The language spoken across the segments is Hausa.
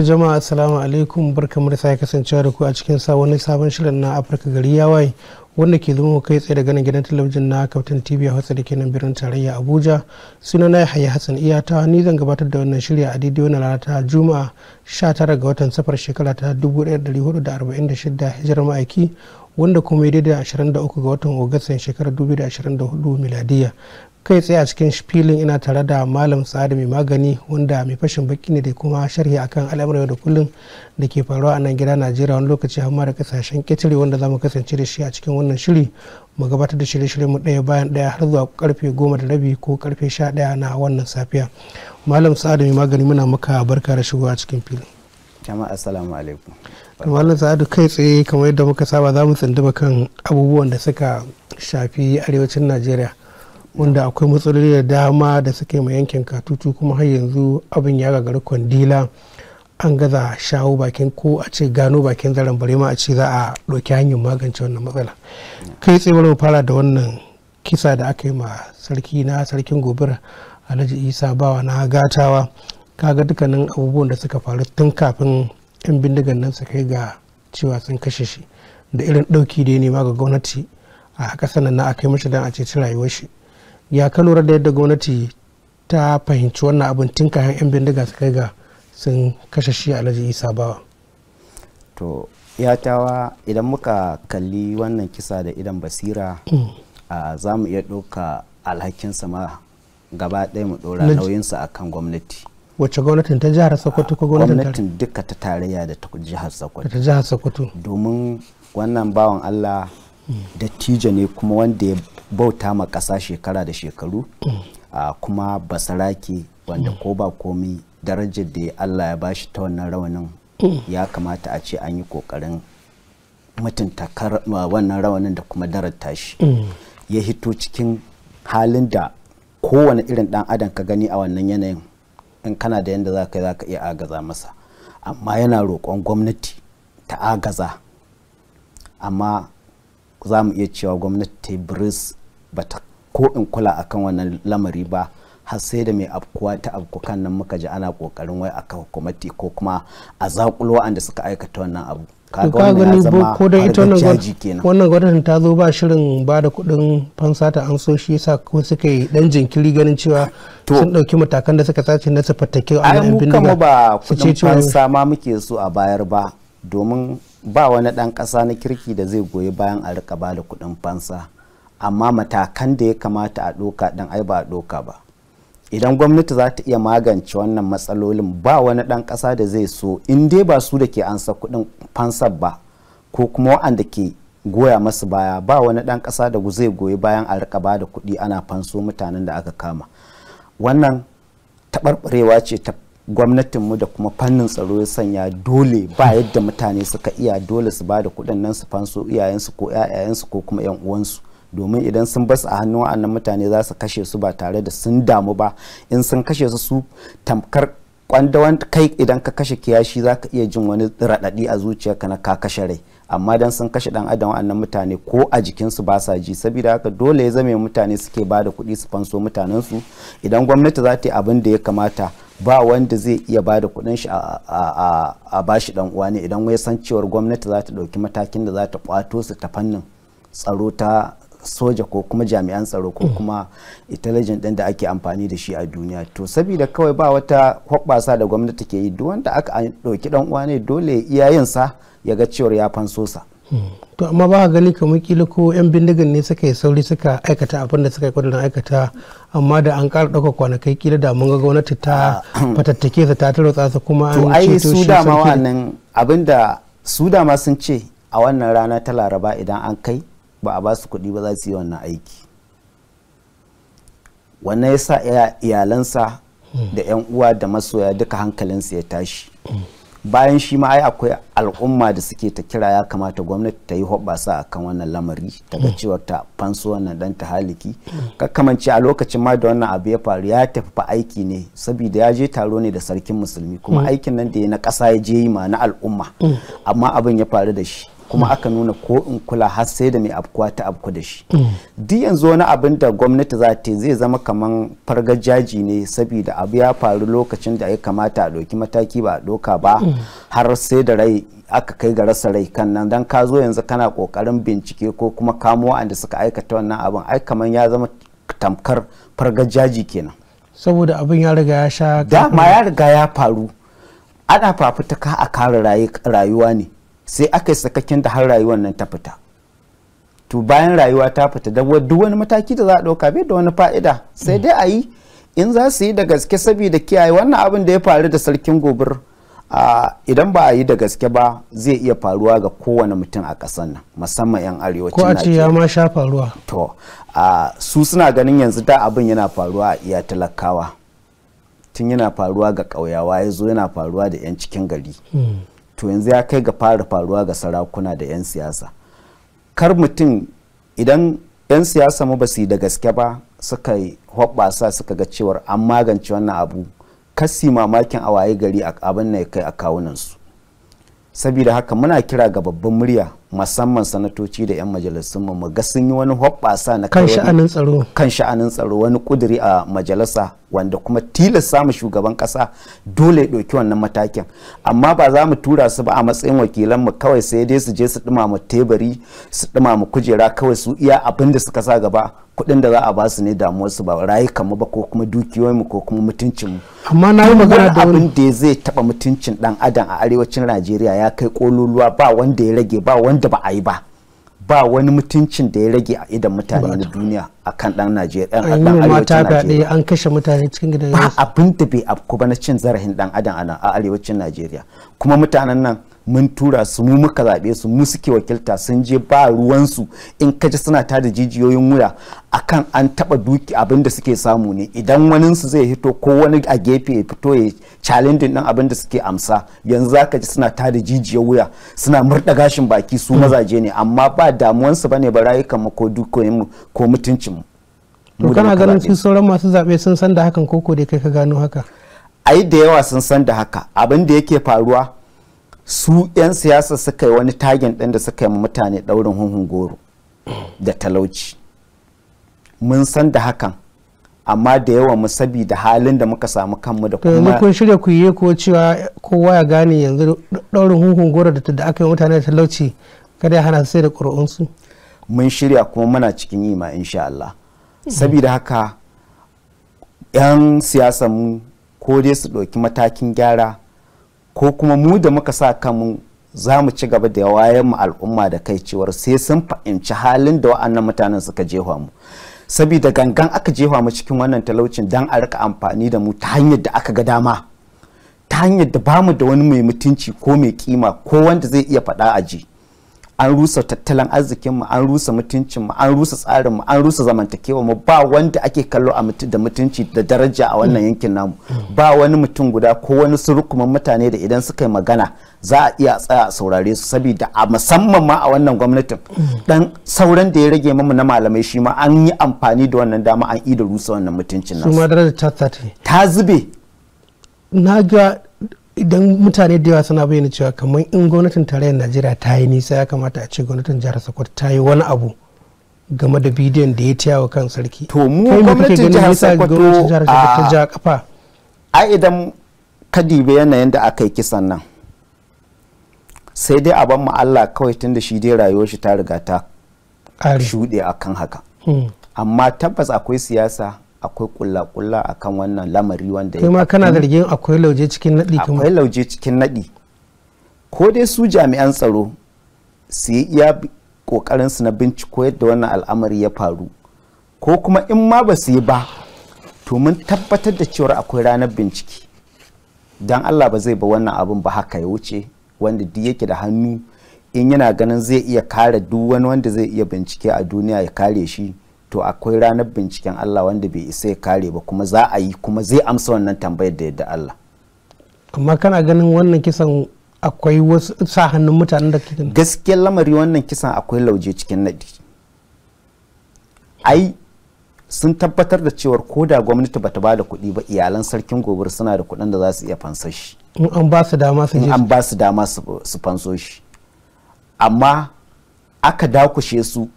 to jama'a assalamu alaikum barkamu da sake kasancewa da ku a cikin sa wani sabon shirin na afirka gari ya waye wanda ke zama kai tsaye daga nan gidan talabijin na kaftan tv a hausa da ke nan birnin tarayya abuja suna na yahaya hassan iyata ni zan gabatar da wannan shirya a daidai wannan rana ta juma'a 19 ga watan safar shekara ta 1446 hijirar ma'aiki wanda kuma ya daidai 23 ga watan ogastan shekarar 2024 miladiya kai tsaye a cikin filin ina tare da malam tsari mai magani wanda mai fashin baki ne da kuma sharhi akan al'amuran da kullum da ke faruwa a nan gida najeriya wani lokaci har ma da kasashen ketare wanda za mu kasance da shi a cikin wannan shiri mu gabatar da shirye-shirye mu ɗaya bayan ɗaya har zuwa karfe goma da rabi ko karfe sha ɗaya na wannan safiya malam sa'adu mai magani muna maka barka da shigowa cikin filin jama'a assalamu alaikum malam sa'adu kai tsaye kamar yadda muka saba za mu kan abubuwan da suka shafi arewacin najeriya wanda akwai matsaloli da dama da suke ma yankin katutu kuma har yanzu abin ya gagari kwandila an gaza shawo bakin ko a ce gano bakin zaren bare ma a ce za a ɗauki hanyar magance wannan matsala kai tsaye mu fara da wannan kisa da aka yi ma sarki na sarkin gobira alhaji isa bawa na gatawa kaga dukkanin abubuwan da suka faru tun kafin yan bindigan nan su kai ga cewa sun kashe shi da irin ɗauki da ya nema ga gwamnati a ƙasar nan na aka yi mashi don a ci rayuwar shi ya ka lura da yadda gwamnati ta fahimci wannan abin tun kayan 'yan bindiga su kai ga sun kashe shi alhaji isa bawa to ya tawa idan muka kalli wannan kisa da idan basira mm. za mu iya ɗauka alhakinsa ma gaba ɗaya mu ɗora nauyinsa a kan gwamnati wacce gwamnatin ta jihar sokoto ko gwamnatin duka ta tarayya da ta jihar sokoto domin wannan bawan allah dattijo ne kuma wanda ya bauta ma ƙasa shekara da shekaru a kuma basarake wanda ko ba komi darajar da Allah ya bashi ta wannan rawanin ya kamata a ce an yi kokarin mutunta wannan rawanin da kuma darata shi ya hito cikin halin da kowane irin dan adam ka gani a wannan yanayin in kana da yadda za ka yi za ka iya agaza masa amma yana roƙon gwamnati ta agaza amma za mu iya cewa gwamnati ta bris ba ta ko in kula akan wannan lamari ba har sai da mai afkuwa ta afkukan nan muka ji ana kokarin wai a hukumati ko kuma a zakulo waɗanda suka aikata wannan abu kaga wannan ya ko dan ita wannan gwamnatin ta zo ba shirin ba da kudin fansa ta an so shi yasa ko suka yi dan jinkiri ganin cewa sun dauki matakan da suka sace na su fatake a yan bindiga su ce ba kudin fansa ma muke so a bayar ba domin ba wani ɗan ƙasa na kirki da zai goyi bayan a rika ba da kuɗin fansa amma matakan da ya kamata a ɗoka ɗin ai ba a ɗoka ba idan gwamnati za ta iya magance wannan matsalolin ba wani ɗan ƙasa da zai so in dai ba su da ke ansa kuɗin fansar ba ko kuma waɗanda ke goya masu baya ba wani ɗan ƙasa da zai goyi bayan a rika ba da kuɗi ana fanso mutanen da aka kama wannan taɓarɓarewa ce ta gwamnatinmu da kuma fannin tsaro ya sanya dole ba yadda mutane suka iya dole su ba da kuɗin nan su fanso iyayensu ko 'ya'yayensu ko kuma 'yan uwansu domin idan sun basu a hannun wa'annan mutane za su kashe su ba tare da sun damu ba in sun kashe su su tamkar kwandawan kai idan ka kashe kiyashi za ka iya jin wani raɗaɗi a zuciyarka na ka kashe rai amma dan sun kashe dan adam wa'annan mutane ko a jikinsu ba sa ji saboda haka dole ya zame mutane suke ba da kuɗi su fanso mutanensu idan gwamnati za ta yi abin da ya kamata ba wanda zai iya ba da kuɗin shi a bashi dan uwa ne idan wai san cewar gwamnati za ta ɗauki matakin da za ta kwato su ta fannin tsaro ta soja ko kuma jami'an tsaro ko mm. kuma intelligent din da ake amfani da shi a duniya to saboda kawai ba wata hoɓɓasa da gwamnati ke yi duk wanda aka ɗauki ɗan uwa ne dole iyayensa ya ga cewar ya fanso sa hmm. to amma ba gani kamar kila ko yan bindigan ne suka yi sauri suka aikata abin da suka yi kwadon aikata amma da an ƙara ɗaukar kwanakai kila da mun ga gwamnati ta ah, hmm. fatattake ta tarotsa su kuma an to ai su dama wannan abinda su dama sun ce a wannan rana ta laraba idan an kai ba a ba su kuɗi ba za su yi wannan aiki wannan ya sa iyalansa da 'yan uwa da masoya duka hankalinsa ya tashi bayan shi ma ai akwai al'umma da suke ta kira ya kamata gwamnati ta yi hoɓasa a kan wannan lamari ta ga cewa ta fanso wannan dan ta haliki kakkamanci a lokacin ma da wannan abu ya faru ya tafi fa aiki ne saboda ya je taro ne da sarkin musulmi kuma aikin nan da ya na ƙasa ya je yi ma na al'umma amma abin ya faru da shi kuma aka nuna ko in kula har sai da mai afkuwa ta afku da shi mm. duk yanzu wani abin da gwamnati za ta zai zama kaman fargajaji ne saboda abu ya faru lokacin da ya kamata a ɗauki mataki ba a ɗauka ba mm. har sai da rai aka kai ga rasa rai kan nan dan ka zo yanzu kana kokarin bincike ko kuma kamo wa'anda suka aikata wannan abin ai kaman ya zama tamkar fargajaji kenan saboda abin ya riga ya sha dama ya riga ya faru ana fafutuka a kare rayuwa ne sai aka yi sakakin da har rayuwar nan ta fita to bayan rayuwa ta fita da duk wani mataki da za a ɗauka bai da wani fa'ida sai dai a yi in za su yi da gaske saboda kiyaye wannan abin da ya faru da sarkin gobir idan ba a yi da gaske ba zai iya faruwa ga kowane mutum a ƙasar nan musamman 'yan arewacin ko a ce ya ma sha faruwa to su suna ganin yanzu da abin yana faruwa a iya talakawa tun yana faruwa ga ƙauyawa ya zo yana faruwa da 'yan cikin gari hmm. to yanzu ya kai ga fara faruwa ga sarakuna da 'yan siyasa kar mutum idan 'yan siyasa mu ba su yi da gaske ba suka hoɓasa suka ga cewar an magance wannan abu kasi mamakin a waye gari abin na kai a kawunansu saboda haka muna kira ga babban murya musamman sanatoci da 'yan majalisun mu ga sun yi wani hoɓɓasa na kan sha'anin tsaro kan sha'anin tsaro wani kuduri a majalisa wanda kuma tilasta mu shugaban kasa dole ɗauki wannan matakin amma ba za mu tura su ba a matsayin wakilan mu kawai sai dai su je su ɗumama tebari su ɗumama kujera kawai su iya abinda suka sa gaba kuɗin da za a ba su ne su ba rayukan mu ba ko kuma mu ko kuma mutuncin mu. amma na yi magana da abin da zai taba mutuncin dan adam a arewacin najeriya ya kai kololuwa ba wanda ya rage ba wanda ba a yi ba ba wani mutuncin da ya rage a idan mutane na duniya a kan dan najeriya an dan arewacin najeriya an kashe mutane cikin gidan ba abin da bai afku ba na cin zarafin dan adam a arewacin najeriya kuma mutanen nan mun tura su mu muka zaɓe su mu suke wakilta sun je ba ruwansu in kaji suna tada jijiyoyin wuya akan an taɓa duki abin da suke samu ne idan waninsu zai hito ko wani a gefe ya fito ya challenging din abin da suke amsa yanzu za ka ji suna tada jijiyar wuya suna murɗa gashin baki su hmm. mazaje ne amma ba damuwansu ba ne ba rayukanmu ko mu ko mutuncinmu. to kana ganin su sauran masu zaɓe sun san da hakan koko da kai ka gano haka. ai da yawa sun san da haka abin da yake faruwa su 'yan siyasa suka yi wani tagen ɗin da suka yi mutane ɗaurin hunhun goro da talauci mun san da hakan amma da yawan mu saboda halin da muka samu kanmu da kuma yanzu kun shirya ku yi ko cewa kowa ya gane yanzu ɗaurin hunhun goro da aka yi mutane da talauci kada ya hana sai da ƙuri'unsu mun shirya kuma muna cikin yi ma insha Allah saboda haka 'yan siyasa mu ko dai su ɗauki matakin gyara ko kuma mu da muka sa kanmu za mu ci gaba da wayan mu al'umma da kai cewar sai sun fahimci halin da wa'annan mutanen suka jefa mu saboda gangan aka jefa mu cikin wannan talaucin dan a rika amfani da mu ta hanyar da aka ga dama ta hanyar da bamu da wani mai mutunci ko mai kima ko wanda zai iya faɗa a ji. an rusa tattalin arzikinmu an rusa mutuncinmu an rusa tsarinmu an rusa zamantakewa mu ba wanda ake kallo da mutunci da daraja a wannan yankin namu ba wani mutum guda ko wani surukuman mutane da idan suka yi magana za a iya tsaya a saurare su saboda a musamman ma a wannan gwamnatin dan sauran da ya rage mamu na malamai shi ma an yi amfani da wannan dama an yi rusa wannan mutuncin nasu ta zube na ga idan mutane da yawa suna bayyana cewa kamar in gwamnatin tarayyar najeriya ta yi nisa ya kamata a ce gwamnatin jihar sokoto ta yi wani abu game da bidiyon da ya tiya wa kan sarki to mu gwamnatin jihar sokoto a kafa a idan ka dibe yanayin da aka yi kisan nan sai dai a ban mu Allah kawai tun da shi dai rayuwar shi ta riga ta shuɗe akan haka hmm. amma tabbas akwai siyasa akwai kulla-kulla a kan wannan lamari wanda ya ma kana zargin akwai lauje cikin naɗi akwai lauje cikin naɗi ko dai su jami'an tsaro su yi iya kokarin na binciko yadda wannan al'amari ya faru ko kuma in ma ba su yi ba to mun tabbatar da cewa akwai ranar bincike don allah ba zai ba wannan abin ba haka ya wuce wanda duk yake da hannu in yana ganin zai iya kare duk wani wanda zai iya bincike a duniya ya kare shi to akwai ranar binciken Allah wanda bai isa ya kare ba kuma za a yi kuma zai amsa wannan tambayar da yadda Allah kuma kana ganin wannan kisan akwai wasu sa hannun mutanen da ke gaskiyar lamari wannan kisan akwai lauje cikin nadi ai sun tabbatar da cewar ko da gwamnati bata ba da kuɗi ba iyalan sarkin gobir suna da kuɗin da za su iya fansar shi in an ba su dama su an ba su dama su fanso shi amma aka dakushe su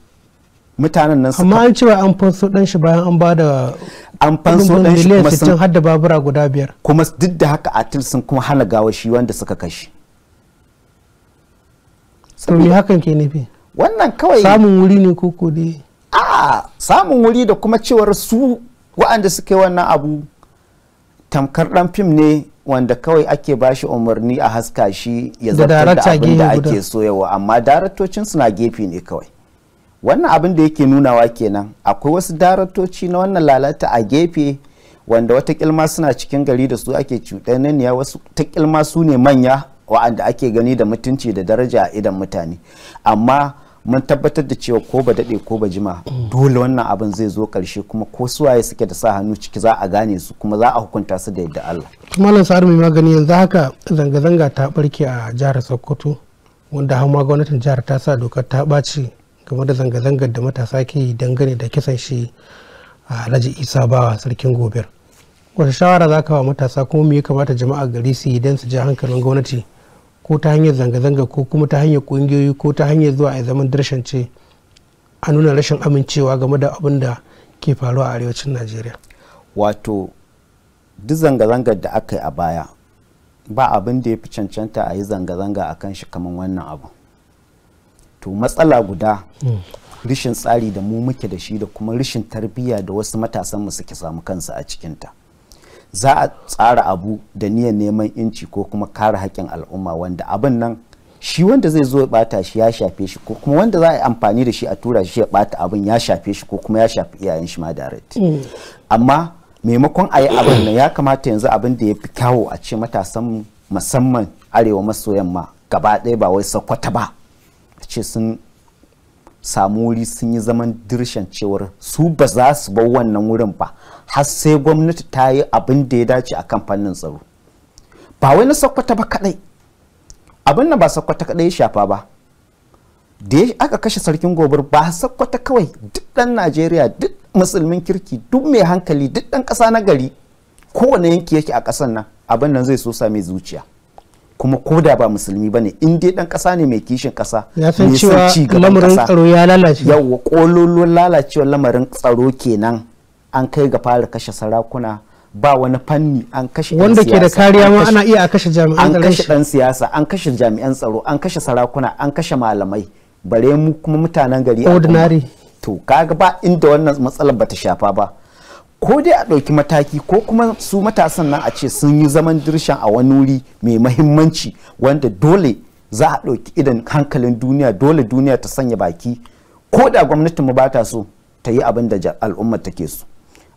mutanen nan amma an cewa an fanso dan shi bayan an bada an fanso dan shi kuma sun hadda babura guda biyar kuma duk da haka atil sun kuma hana gawa shi wanda suka kashi to me hakan ke nufi wannan kawai samun wuri ne ko ko dai a samun wuri da kuma cewar su wa'anda suke wannan abu tamkar dan fim ne wanda kawai ake bashi umarni a haska shi ya zartar da abin da ake soyawa amma daratocin suna gefe ne kawai wannan abin da yake nunawa kenan akwai wasu daratoci na wannan lalata a gefe wanda wata kilma suna cikin gari da su ake cuɗanniya wasu ta kilma su ne manya wa'anda ake gani da mutunci da daraja a idan mutane amma mun tabbatar da cewa ko ba daɗe ko ba jima dole wannan abin zai zo ƙarshe kuma ko suwaye suke da sa hannu ciki za a gane su kuma za a hukunta su da yadda Allah. Malam sa'ar mai magani yanzu haka zanga-zanga ta barke a jihar Sokoto wanda har ma gwamnatin jihar ta sa dokar ta ɓace game da zanga-zangar da matasa ke dangane da kisan shi a alhaji isa bawa sarkin gobir wata shawara za ka wa matasa kuma me ya kamata jama'a gari su yi don su ja hankalin gwamnati ko ta hanyar zanga-zanga ko kuma ta hanyar kungiyoyi ko ta hanyar zuwa a zaman ce a nuna rashin amincewa game da abin da ke faruwa a arewacin najeriya wato duk zanga-zangar da aka yi a baya ba abin da ya fi cancanta a yi zanga-zanga a kan shi kamar wannan abu to matsala guda hmm. rishin tsari da mu muke da shi da kuma rishin tarbiyya da wasu matasan mu suke samu kansu a cikinta za a tsara abu da niyan neman inci ko kuma kare haƙƙin al'umma wanda abin nan shi wanda zai zo ya bata shi ya shafe shi ko kuma wanda za a yi amfani da shi a tura shi ya bata abin ya shafe shi ko kuma ya shafi iyayen shi ma direct hmm. amma maimakon a yi abin nan ya kamata yanzu abin da ya fi kyawo a ce matasan musamman arewa maso yamma gaba ɗaya ba wai sakwata ba ce sun samu wuri sun yi zaman dirshan cewar su ba za su bar wannan wurin ba har sai gwamnati ta yi abin da ya dace a kamfanin tsaro ba wai na sakwata ba kadai abin da ba sakwata kadai ya shafa ba da ya aka kashe sarkin gobar ba sakwata kawai duk dan najeriya duk musulmin kirki duk mai hankali duk dan kasa na gari kowane yanki yake a kasan nan abin nan zai so sa mai zuciya kuma ko da ba musulmi bane in dai dan kasa ne mai kishin kasa ya san cewa lamarin tsaro ya lalace yawa kololon lalacewar lamarin tsaro kenan an kai ga fara kashe sarakuna ba wani fanni an kashe wanda ke da kariya ma ana iya a kashe jami'an tsaro an kashe dan siyasa an kashe jami'an tsaro an kashe sarakuna an kashe malamai bare mu kuma mutanen gari ordinary to kaga ba inda wannan matsalar bata shafa ba ko dai a ɗauki mataki ko kuma su matasan nan a ce sun yi zaman dirshan a wani wuri mai mahimmanci wanda dole za a ɗauki idan hankalin duniya dole duniya ta sanya baki ko da gwamnatin mu ba ta so ta yi abin da al'ummar take so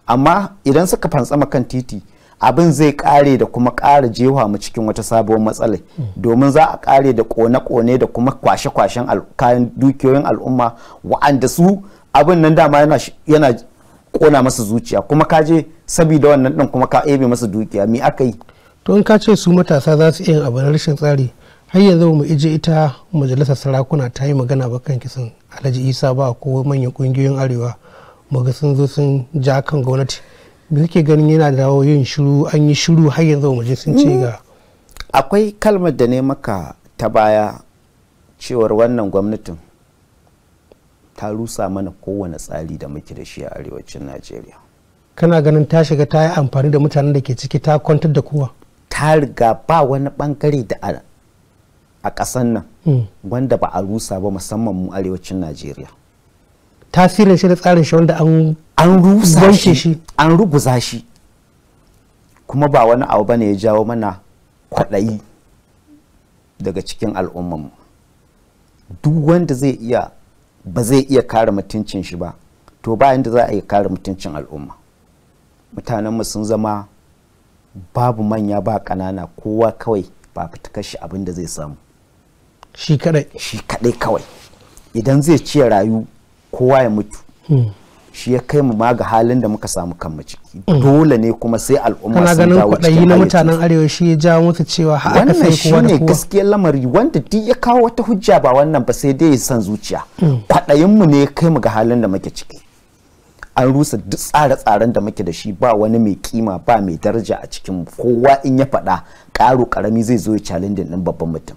amma idan suka fantsama kan titi abin zai kare da kuma kara jewa mu cikin wata sabuwar matsala domin za a kare da kone-kone da kuma kwashe-kwashen kayan dukiyoyin al'umma wa'anda su abin nan dama yana kona masa zuciya kuma ka je sabida wannan din kuma ka ebe masa dukiya me aka yi to in ka ce su matasa za su yin abin rashin tsari har yanzu mu ije ita majalisar sarakuna ta yi magana ba kan kisan alhaji isa ba ko manyan kungiyoyin arewa ga sun zo sun ja kan gwamnati me kake ganin yana dawo yin shiru an yi shiru har yanzu mu je sun ce ga akwai kalmar da ne maka ta baya cewar wannan gwamnatin ta rusa mana kowane tsari da muke da shi a arewacin najeriya kana ganin ta shiga ta yi amfani da mutanen da ke ciki ta kwantar da kowa ta riga ba wani bangare da a ƙasan nan hmm. wanda ba a rusa ba musamman mu arewacin najeriya tasirin shi da tsarin shi wanda an an rusa shi an ruguza shi kuma ba wani abu bane ya jawo mana kwaɗayi daga cikin al'ummanmu duk wanda zai iya ba zai iya kare mutuncin shi ba to bayan da za a iya kare mutuncin al'umma mutanenmu sun zama babu manya ba ƙanana kowa kawai ba fitakar shi abin da zai samu shi kadai shi kadai kawai idan zai ciye rayu kowa ya mutu hmm. shi ya kai mu ma ga halin da muka samu kanmu ciki mm. dole ne kuma sai al'umma sun dawo cikin na mutanen arewa shi ya jawo musu cewa har aka sai kowa da kowa gaskiyar lamari wanda duk ya kawo wata hujja ba wannan ba sai dai ya san zuciya mm. kwaɗayin mu ne ya kai mu ga halin da muke ciki an rusa duk tsare-tsaren da muke da shi ba wani mai kima ba mai daraja a cikin kowa in ya faɗa ƙaro karami zai zo ya challenge din babban mutum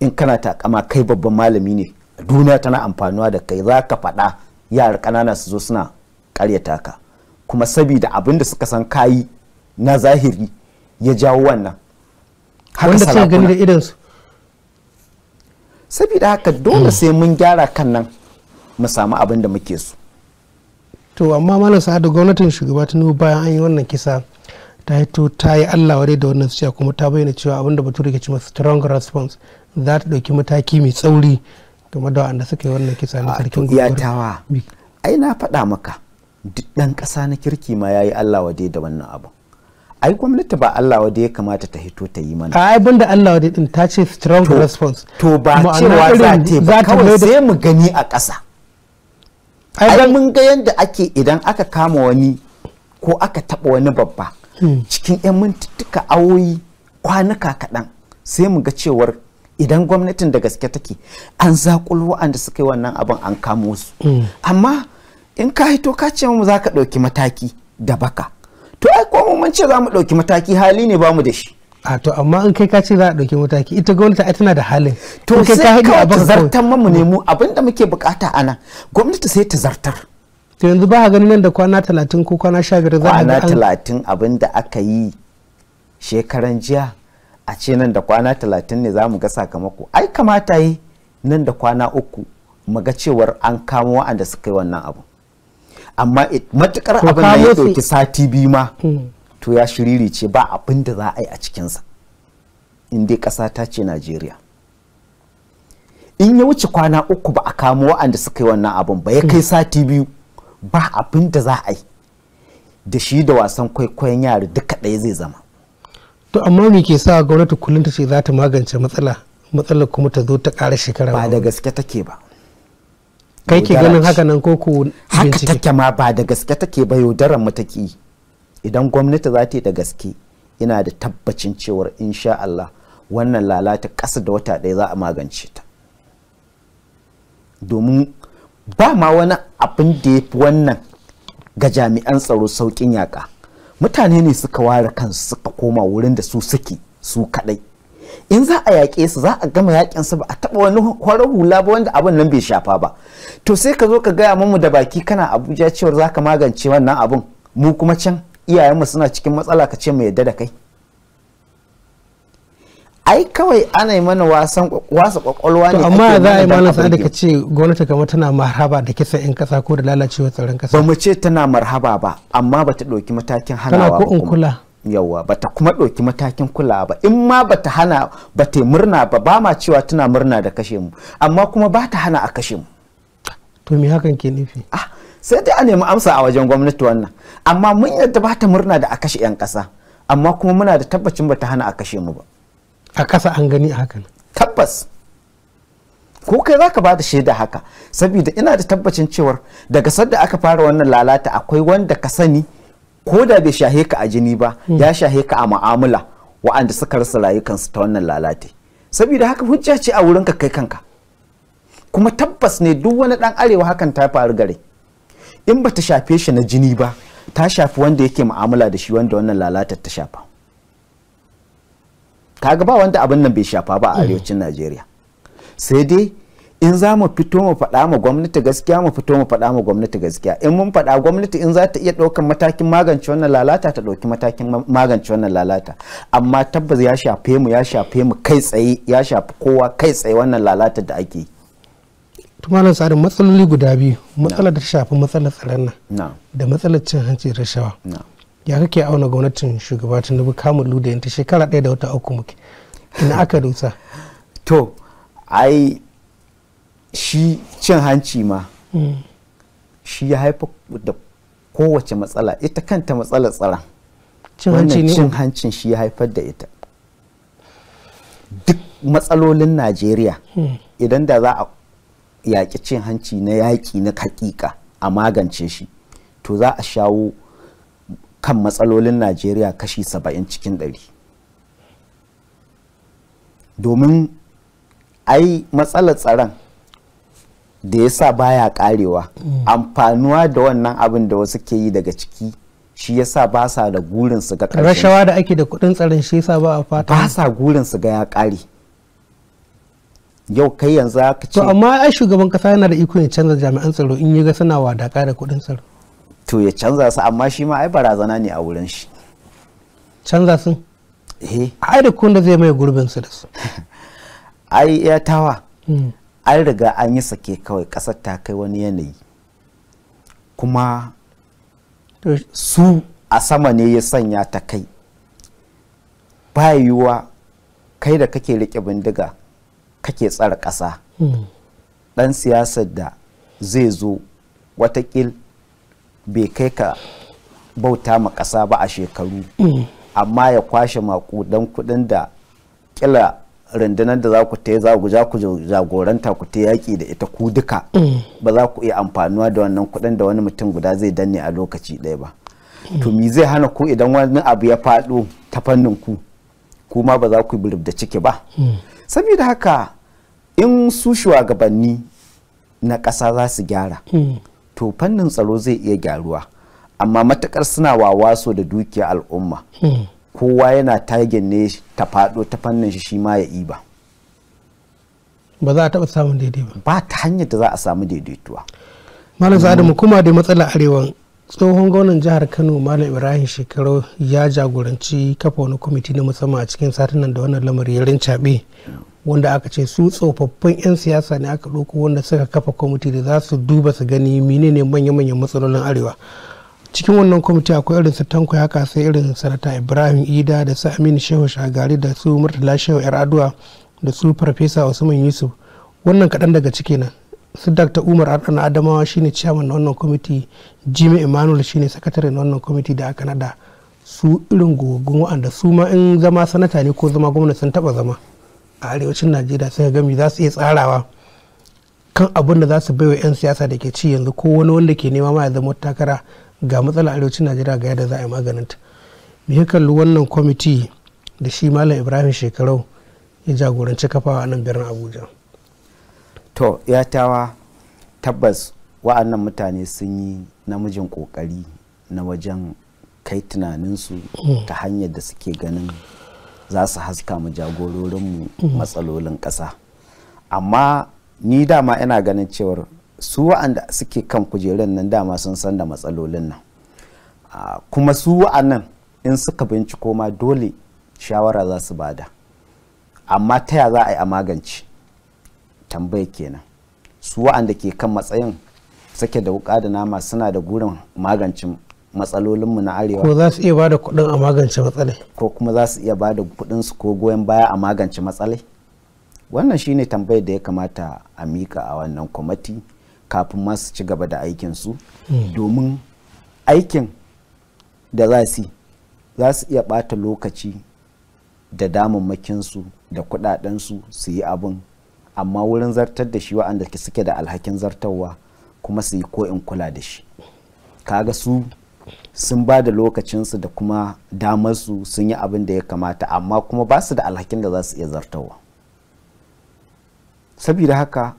in kana takama kai babban malami ne duniya tana amfanuwa da kai za ka faɗa yara ƙanana su zo suna karyata ka kuma sabida abin da suka san kayi na zahiri ya jawo wannan haka wanda suka gani da su sabida haka dole hmm. sai mun gyara kan nan mu samu abin da muke su. to amma malam sa'adu gwamnatin shugaba tinubu bayan an yi wannan kisa ta to ta yi allah wadai da wannan zuciya kuma ta bayyana cewa abin da bature ke cewa strong response za ta ɗauki mataki mai tsauri game da wanda suka yi wannan kisa na sarkin gwamnati ai na faɗa maka dan ƙasa na kirki ma ya yi Allah wa da wannan abu. ai gwamnati ba Allah wade ya kamata ta hito ta yi mana ai banda Allah wa din ta ce strong to, response to ba cewa za ta ba kawai sai mu gani a ƙasa ai mun ga yadda ake idan aka kama wani ko aka taɓa wani babba hmm. cikin 'yan mintuka awoyi kwanuka kaɗan sai mu ga cewar idan gwamnatin da gaske take an zaƙulo waɗanda suka yi wannan abin an kamo su hmm. amma in ka hito ka ce mu za ka ɗauki mataki da baka to ai ko mun ce za mu ɗauki mataki hali ne bamu da shi a to amma in kai ka ce za a ɗauki mataki ita gwamnati ai tana da halin to sai kawai ta zartar mu nemo abinda muke bukata ana gwamnati sai ta zartar to yanzu ba ganin nan da kwana talatin ko kwana sha biyar za a ga kwana talatin abin da aka yi shekaran jiya a ce nan da kwana talatin ne za mu ga sakamako ai kamata yi nan da kwana uku mu ga cewar an kamo wa'anda suka yi wannan abu amma matukar abin da ya ɗauki sati biyu ma hmm. to ya shiriri ce ba abin da za a yi a cikinsa in dai ƙasa ta ce najeriya in ya wuce kwana uku ba a kamo wa'anda suka yi wannan abin ba ya kai hmm. sati biyu ba abin da za a yi da shi da wasan kwaikwayon yara duka ɗaya zai zama to amma me ke sa gwamnati kullum ta ce za ta magance matsala matsalar kuma ta zo ta ƙara shekara ba da gaske take ba kai ke ganin haka nan ko ku haka take ma ba da gaske take ba yaudaran mu idan gwamnati za ta yi da gaske ina da tabbacin cewar insha Allah wannan lalata ƙasa da wata ɗaya za a magance ta domin ba ma wani abin da ya fi wannan ga jami'an tsaro saukin yaƙa mutane ne suka ware kansu suka koma wurin da su suke su kaɗai in za a yaƙe su za a gama yaƙin su ba a taɓa wani kwarar hula ba wanda abin nan bai shafa ba to sai ka zo ka gaya mamu da baki kana abuja cewar za ka magance wannan abin mu kuma can iyayenmu suna cikin matsala ka ce mu yadda da kai ai kawai ana yi mana wasan wasa kwakwalwa ne amma za a yi malam da ka ce gwamnati kamar tana marhaba da kisa yan kasa ko da lalacewar tsaron kasa ba mu ce tana marhaba ba amma ba ta ɗauki matakin hanawa ba ko in kula yawa bata kuma ɗauki matakin kulawa ba in ma bata hana bata murna ba ba ma cewa tana murna da kashe mu amma kuma ba ta hana a kashe mu to me hakan ke nufi ah sai dai a nemi amsa a wajen gwamnati wannan amma mun yadda ba ta murna da a kashe yan ƙasa amma kuma muna da tabbacin bata hana a kashe mu ba a ƙasa an gani a hakan tabbas ko kai za ka ba da shaida haka saboda ina da tabbacin cewar daga sadda aka fara wannan lalata akwai wanda ka sani ko da bai shahe ka a jini ba ya shahe ka a mu'amala wa'anda suka rasa rayukansu ta wannan lalate saboda haka hujja ce a wurinka kai kanka kuma tabbas ne duk wani dan arewa hakan ta faru gare in ba ta shafe shi na jini ba ta shafi wanda yake mu'amala da shi wanda wannan lalatar ta shafa kaga ba wanda abin nan bai shafa ba a arewacin najeriya sai dai in za mu fito mu faɗa ma gwamnati gaskiya mu fito mu faɗa ma gwamnati gaskiya in mun faɗa gwamnati in za ta iya ɗaukar matakin magance wannan lalata ta ɗauki matakin magance wannan lalata amma tabbas ya shafe mu ya shafe mu kai tsaye ya shafi kowa kai tsaye wannan lalata da ake tumanin tsarin matsaloli guda biyu matsalar da ta shafi matsalar tsaron nan da matsalar cin hanci da rashawa ya kake auna gwamnatin shugaba tinubu kamun ludayin ta shekara ɗaya da wata uku muke ina aka dusa to ai shi cin hanci ma hmm. shi ya haifa da kowace matsala ita kanta matsalar tsaron wannan cin hancin shi ya haifar da ita duk matsalolin najeriya hmm. idan da za a yaƙi cin hanci na yaƙi na hakika a magance shi to za a shawo kan matsalolin najeriya kashi saba'in cikin ɗari domin ai matsalar tsaron da ya sa baya karewa mm. amfanuwa da wannan abin da wasu ke yi daga ciki shi ya sa ba sa da gurin su ga ƙarshen rashawa da ake da kuɗin tsaron shi sa ba a fata ba sa gurin su ga ya ƙare yau kai yanzu aka ce to amma ai shugaban kasa yana da iko ya canza jami'an tsaro in ya ga suna wadaka da kuɗin tsaro to ya canza su amma shi ma ai barazana ne a wurin shi canza sun eh ai da kun da zai mai gurbin su da su ai ya tawa mm. an riga an yi sake kawai ƙasar ta kai wani yanayi kuma su a sama ne ya sanya ta kai ba yiwuwa kai da kake riƙe bindiga kake tsara ƙasa hmm. ɗan siyasar da zai zo watakil bai kai ka bauta ma ƙasa ba a shekaru hmm. amma ya kwashe maƙudan kuɗin da ƙila. rundunar da za ku ta za ku ja ku jagoranta ku ta yaƙi da ita ku duka mm. ba za ku iya amfanuwa da wannan kuɗin da wani mutum guda zai danne a lokaci ɗaya ba to mm. me zai hana ku idan wani abu ya faɗo ta fannin ku kuma ba za ku yi da ciki ba mm. saboda haka in su shugabanni na ƙasa za su gyara to fannin tsaro zai iya gyaruwa amma matakar suna wawaso da dukiyar al'umma kowa yana tagen ne ta faɗo ta fannin shi ma ya iba ba za a taɓa samun daidai ba ba ta hanyar da za a samu daidaituwa malam za mu kuma da matsalar arewan tsohon gwamnan jihar kano malam ibrahim shekaru ya jagoranci kafa wani kwamiti na musamman a cikin satinan da wannan lamari yarin cabe wanda aka ce su tsofaffin 'yan siyasa ne aka ɗauko wanda suka kafa kwamiti da za su duba su gani menene manya-manyan matsalolin arewa cikin wannan kwamiti akwai irin su tanko ya kasa irin sanata ibrahim ida da su aminu shehu shagari da su murtala shehu yar aduwa da su farfesa usman yusuf wannan kaɗan daga ciki nan su dr umar adana adamawa shine chairman na wannan kwamiti Jimi emmanuel shine sakatare na wannan kwamiti da aka nada su irin gogogon wa'anda su ma in zama sanata ne ko zama gwamna sun taba zama a arewacin najeriya sai ga gami za su iya tsarawa kan abin da za su baiwa 'yan siyasa da ke ci yanzu ko wani wanda ke nema ma ya zama takara ga matsalar arewacin najeriya ga yadda za a yi maganinta mu kalli wannan kwamiti da shi malam ibrahim shekarau ya jagoranci kafawa a nan birnin abuja to ya tawa tabbas wa'annan mutane sun yi namijin kokari na wajen kai tunaninsu mm. ta hanyar da suke ganin za su haska mu jagororinmu mm. matsalolin ƙasa amma ni dama ina ganin cewar su wa'anda suke kan kujerun nan dama sun san da matsalolin nan ah, kuma su wa'annan in suka binciko ma dole shawara za su bada amma ta ya za a yi a magance tambaya kenan su wa'anda ke kan matsayin sake da wuka da nama suna da gurin magance matsalolinmu na arewa ko za su iya bada kudin a magance matsalai ko kuma za su iya bada kudin su ko goyon baya a magance matsalai wannan shine tambayar da ya kamata a mika a wannan kwamati kafin masu ci gaba da aikin su. Hmm. domin aikin da za su za su iya ɓata lokaci da damammakinsu da kuɗaɗensu su yi abin amma wurin zartar da shi wa'anda suke da alhakin zartarwa kuma su yi ko kula da shi kaga su sun ba da lokacinsu da kuma damarsu sun yi abin da ya kamata amma kuma ba su da alhakin da za su iya zartarwa saboda haka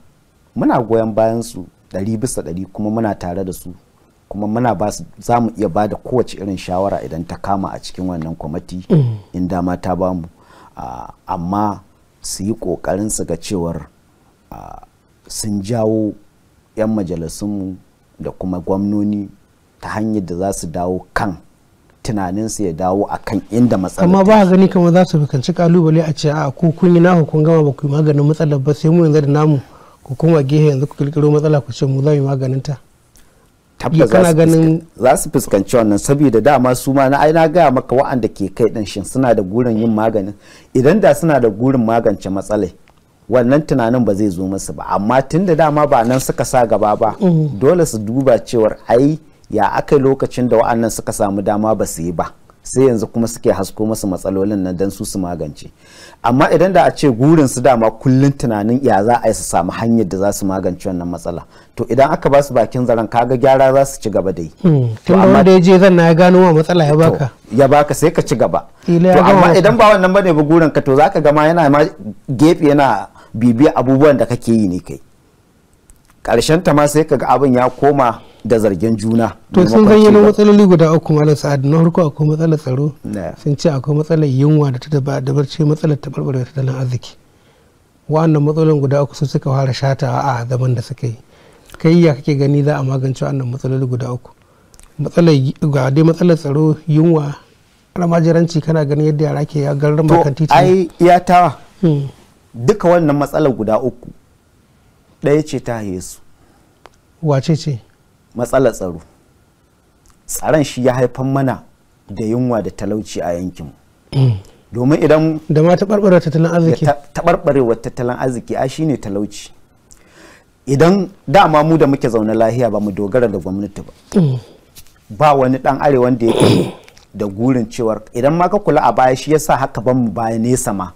muna goyon bayansu ɗari bisa ɗari kuma muna tare da su kuma muna ba za mu iya ba da kowace irin shawara idan ta kama a cikin wannan kwamati mm. in dama ta ba mu ah, amma su yi ƙoƙarin su ga cewar ah, sun jawo 'yan majalisunmu da kuma gwamnoni ta hanyar da za su dawo kan tunaninsu ya dawo a kan inda matsalar amma ba gani kamar za su fuskanci kalubale a ce a ko kun yi naku kun gama ba ku maganin matsalar ba sai mu yanzu da namu ku kuma gehe yanzu ku kirkiro matsala ku ce mu za mu maganin ta za su fuskanci wannan saboda dama su ma na aina gaya maka wa'anda ke kai din shin suna da gurin yin maganin idan da suna da gurin magance matsalai wannan tunanin ba zai zo musu ba amma tun da dama ba nan suka sa gaba ba mm. dole su duba cewar ai ya aka lokacin da wa'annan suka samu dama ba su yi ba sai yanzu kuma suke hasko masu matsalolin nan dan su su magance amma idan da a ce gurin su dama kullun tunanin ya za a yi su samu hanyar da za su magance wannan matsala to idan aka ba su bakin zaren kaga gyara za su ci gaba hmm. da yi to amma da ya je zan na gano wa matsala ya baka ya baka sai ka ci gaba to amma idan ba wannan bane ba gurin ka to zaka ga ma yana ma gefe yana bibiya abubuwan da kake yi ne kai karshen ta ma sai kaga abin ya koma da zargin juna to sun zayyana matsaloli guda uku malam sa'ad na harko akwai matsalar tsaro sun ce akwai matsalar yunwa da ta dabar barci matsalar da tattalin arziki wa'annan matsalolin guda uku sun suka fara shatawa a zaman da suka yi kai ya kake gani za a magance wa'annan matsaloli guda uku matsalar ga dai matsalar tsaro yunwa almajiranci kana ganin yadda yara ke ya garin bakan titi ai ta hmm. duka wannan matsalar guda uku ɗaya ce ta haye wace ce matsalar tsaro tsaron shi ya haifan mana da yunwa da talauci a yankin mm. domin idan da ma taɓarɓarewa tattalin arziki taɓarɓarewa tattalin arziki a ne talauci idan dama mu da muke zaune lahiya ba mu dogara da gwamnati ba mm. ba wani ɗan arewa da ya da gurin cewar idan ma ka kula a baya shi yasa haka ban mu baya nesa ma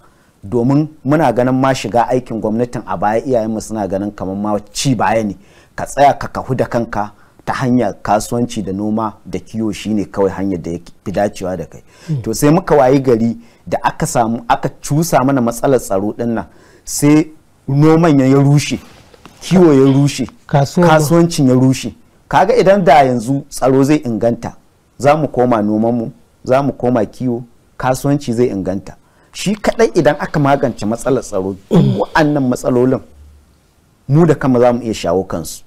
domin muna ganin ma shiga aikin gwamnatin a baya iyayenmu suna ganin kamar ma ci baya ne ka tsaya ka kahu da kanka ta hanyar kasuwanci da noma da kiwo shine kawai hanyar da ya fi dacewa da kai hmm. to sai muka wayi gari da aka samu aka cusa mana matsalar tsaro din nan sai noman ya rushe kiwo ya rushe kasuwancin ya rushe kaga idan da yanzu tsaro zai inganta za mu koma nomanmu za mu koma kiwo kasuwanci zai inganta shi kadai idan aka magance matsalar tsaro wa'annan matsalolin mu da kama za mu iya shawo kansu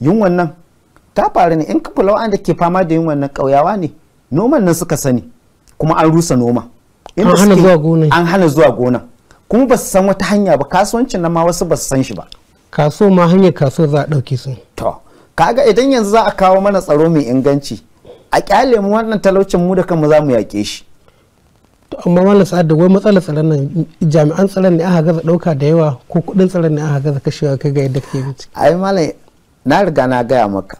yin wannan ta faru ne in kula wa'anda ke fama da yin wannan ƙauyawa ne noman nan suka sani kuma an rusa noma an hana zuwa gona kuma ba su san wata hanya ba kasuwancin nan ma wasu ba su san shi ba kaso ma hanyar kaso za a ɗauke su to kaga idan yanzu za a kawo mana tsaro mai inganci a kyale mu wannan talaucin mu da kanmu za mu yaƙe shi amma malam sa'ad da wai matsalar tsaron nan jami'an tsaron ne aka gaza dauka da yawa ko kudin tsaron ne aka gaza kashewa kai ga yadda kake bici ai malam na riga na gaya maka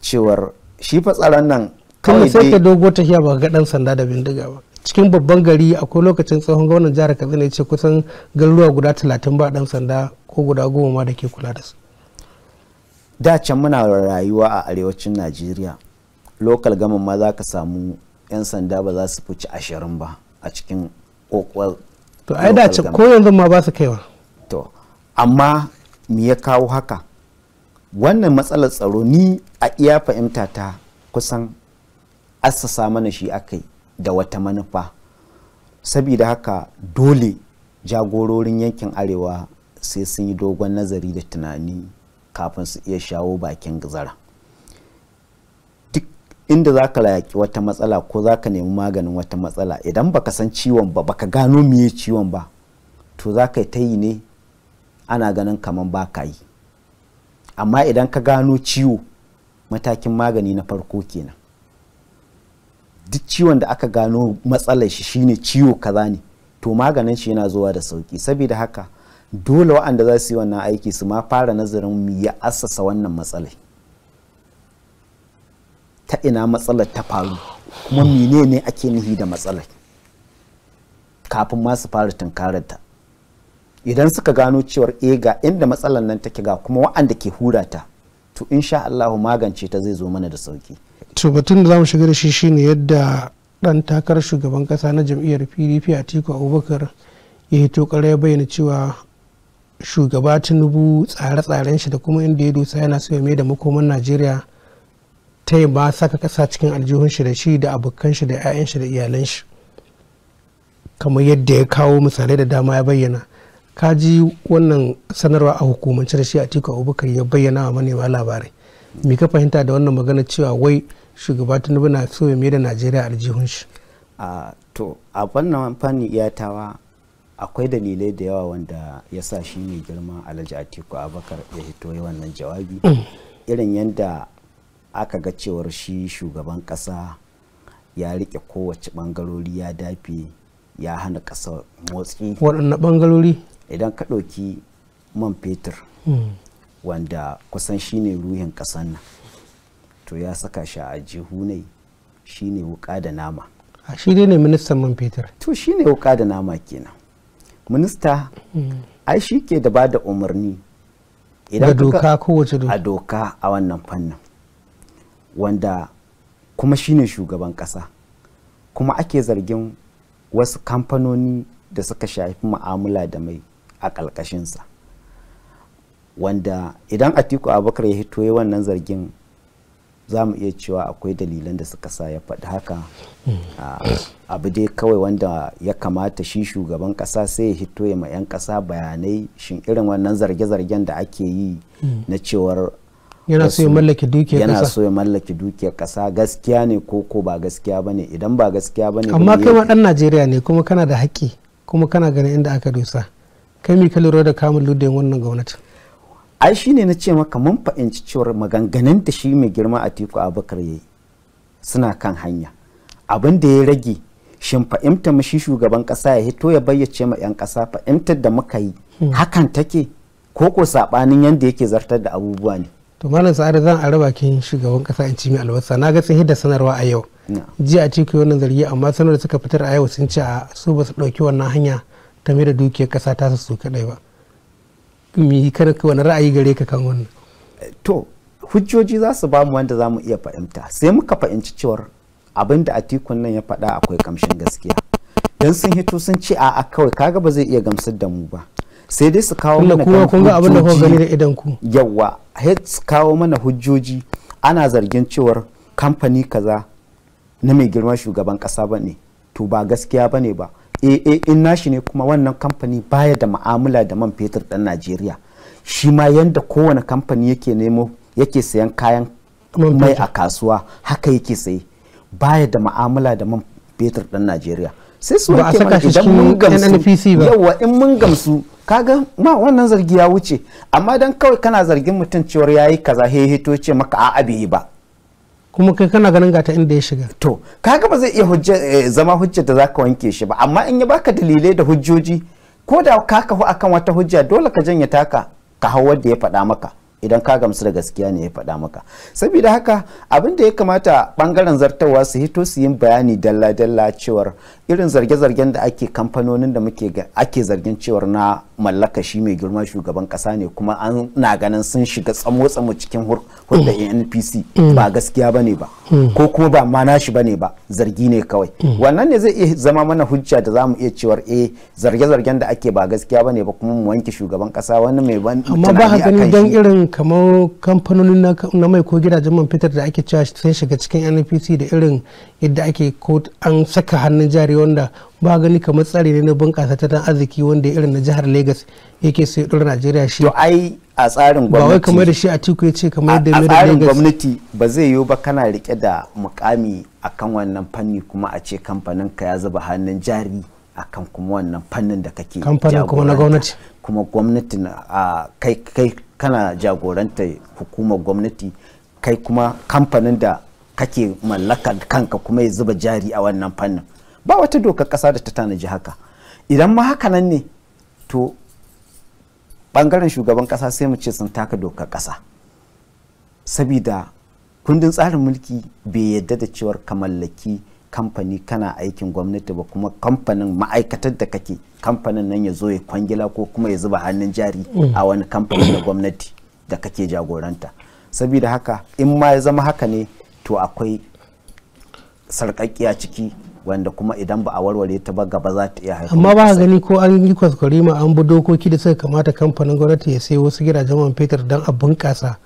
cewar shi fa tsaron nan kawai sai ka dogo tafiya ba ga dan sanda da bindiga ba cikin babban gari akwai lokacin tsohon gwamnan jihar katsina ya ce kusan garuruwa guda talatin ba dan sanda ko guda goma ma da ke kula da su da can muna rayuwa a arewacin najeriya lokal gaman ma za ka samu 'yan sanda ba za su fici ashirin ba a cikin kokwal to ai da ce ko yanzu ma ba su kaiwa to amma me ya kawo haka wannan matsalar tsaro ni a iya fahimta ta kusan assasa mana shi akai da wata manufa saboda haka dole jagororin yankin arewa sai sun yi dogon nazari da tunani kafin su iya shawo bakin gizara inda za ka yaƙi wata matsala ko za ka nemi maganin wata matsala idan baka san ciwon ba baka gano miye ciwon ba to za ka yi ta yi ne ana ganin kamar ba ka yi amma idan ka gano ciwo matakin magani na farko kenan duk ciwon da aka gano matsalar shi shine ciwo kaza ne to maganin shi yana zuwa da sauki saboda haka dole wa'anda za su yi wannan aiki su ma fara nazarin ya assasa wannan matsalar ta ina matsalar ta faru kuma menene ake nufi da matsalar kafin ma su fara tunkarar ta idan suka gano cewar eh ga inda matsalar nan take ga kuma wa'anda ke hura ta to insha Allah magance ta zai zo mana da sauki to batun da zamu shiga da shi shine yadda dan takarar shugaban kasa na jam'iyyar PDP Atiku Abubakar ya yi hito ya bayyana cewa shugaba Tinubu tsare-tsaren shi da kuma inda ya dosa yana so ya mai da makoman Najeriya ta yi ba saka kasa cikin aljihun shi da shi da abokan shi da 'ya'yan shi da iyalan shi kamar yadda ya kawo misalai da dama ya bayyana ka ji wannan sanarwa a hukumance da shi a tiku abubakar ya bayyana wa manema labarai me ka fahimta da wannan magana cewa wai shugaba tinubu na so ya mai da najeriya aljihun shi to a wannan fanni iyatawa akwai dalilai da yawa wanda ya sa shi mai girma alhaji atiku abakar ya hito yi wannan jawabi mm. irin yadda aka ga cewar shi shugaban ƙasa ya rike kowace ɓangarori ya dafe ya hana ƙasa motsi waɗanne ɓangarori idan ka ɗauki man fetur hmm. wanda kusan shi ne ruhin ƙasan nan to ya saka shi a jihu ne ne wuka da nama a shi ne ministan man fetur to shi ne wuka da nama kenan minista hmm. ai shi ke da ba da umarni idan doka kowace doka a doka a wannan fannin wanda kuma shine shugaban ƙasa kuma ake zargin wasu kamfanoni da suka shafi ma'amula da mai a ƙalƙashinsa wanda idan atiku abubakar ya hito ya wannan zargin za mu iya cewa akwai dalilan da suka sa ya faɗi haka hmm. ah, abu dai kawai wanda ya kamata shi shugaban ƙasa sai ya hito ya ma 'yan ƙasa bayanai shin irin wannan zarge-zargen da ake yi hmm. na cewar yana so ya mallake dukiyar kasa yana so ya mallake dukiyar kasa gaskiya ne ko ko ba gaskiya bane idan ba gaskiya bane amma kai ma dan Najeriya ne kuma kana da haƙƙi kuma kana ganin inda aka dosa kai mi ka lura da kamun ludin wannan gwamnati ai shine na ce maka mun fahimci cewar maganganun da shi mai girma Atiku Abubakar yayi suna kan hanya abin da ya rage shin fahimta mu shi shugaban kasa ya hito ya bayyace ma 'yan kasa fahimtar da muka yi hmm. hakan take ko ko sabanin yadda yake zartar da abubuwa ne to malam sa'adu zan ara bakin shugaban kasa in ci mai albasa na ga sahi da sanarwa a yau jiya a ciki wannan zargi amma sanar da suka fitar a yau sun ce a su ba su ɗauki wannan hanya ta mai da dukiyar kasa ta su kadai ba mi ka wani ra'ayi gare ka kan wannan to hujjoji za su bamu wanda za mu iya fahimta sai muka fahimci cewar abin da atikun nan ya faɗa akwai kamshin gaskiya don sun hito sun ce a kawai kaga ba zai iya gamsar da mu ba sai dai su kawo mana kuma kun ga abin da kuka gani da idan ku yawa kawo mana hujjoji ana zargin cewar kamfani kaza na mai girma shugaban kasa ba ne to ba gaskiya ba ne eh, ba e eh, in nashi ne kuma wannan kamfani baya da ma'amula da man fetur ɗan najeriya shi ma yanda kowane kamfani yake nemo yake sayan kayan mai a kasuwa haka yake saye baya da ma'amula da man fetur ɗan najeriya sai su wake shi idan mun gamsu yawa in mun gamsu kaga ma wannan zargi ya wuce amma dan kawai kana zargin mutum cewar yayi kaza he to ce maka a'a bai ba kuma kai kana ganin gata inda ya shiga to kaga ba zai iya hujja eh, zama hujja da zaka wanke shi ba amma in ya baka dalilai da hujjoji ko da ka a akan wata hujja dole ka janye taka ka hau wanda ya faɗa maka idan ka gamsu da gaskiya ne ya faɗa maka saboda haka abin da ya kamata ɓangaren zartarwa su hito su yin bayani dalla-dalla cewar irin zarge-zargen da ake kamfanonin da muke ake zargin cewar na mallaka shi mai girma shugaban kasa ne kuma an na ganin sun shiga tsamo-tsamo cikin hulɗa mm. npc mm. ba gaskiya ba ne ba mm. ko kuma ba ma nashi ba ne ba zargi ne kawai wannan ne zai iya zama mana hujja da za mu iya cewar eh zarge-zargen da ake ba gaskiya ba ne ba kuma mu wanke shugaban kasa wani mai ban amma ba ganin dan irin kamar kamfanonin na mai ko gidajen man fitar da ake cewa sun shiga cikin npc da irin yadda ake ko an saka hannun jari wanda ba gani kamar tsari ne na bunƙasa tattalin arziki wanda irin na jihar Legas yake sai dora Najeriya shi. To ai a tsarin gwamnati. Ba wai kamar da shi a tiku ya ce kamar da A tsarin gwamnati ba zai yiwu ba kana rike da mukami akan wannan fanni kuma a ce kamfanin ka ya zuba hannun jari akan kuma wannan fannin da kake kamfanin kuma na gwamnati kuma gwamnati a kai kai kana jagoranta hukumar gwamnati kai kuma kamfanin da kake mallakar kanka kuma ya zuba jari a wannan fannin ba wata dokar ƙasa da ta tanaji haka idan ma haka nan ne to bangaren shugaban ƙasa sai mu ce sun taka dokar ƙasa sabida kundin tsarin mulki bai yadda da cewar ka mallaki kamfani kana aikin gwamnati ba kuma kamfanin ma'aikatar da kake kamfanin nan ya zo ya kwangila ko kuma ya zuba hannun jari mm. a wani kamfani na gwamnati da kake jagoranta saboda haka in ma ya zama haka ne to akwai sarƙaƙƙiya ciki wanda kuma idan ba a warware ta ba gaba za ta iya haifar amma ba gani ko an yi kwaskwari ma an bi dokoki da suka kamata kamfanin gwamnati ya sayo wasu gidajen man fetur don a bunkasa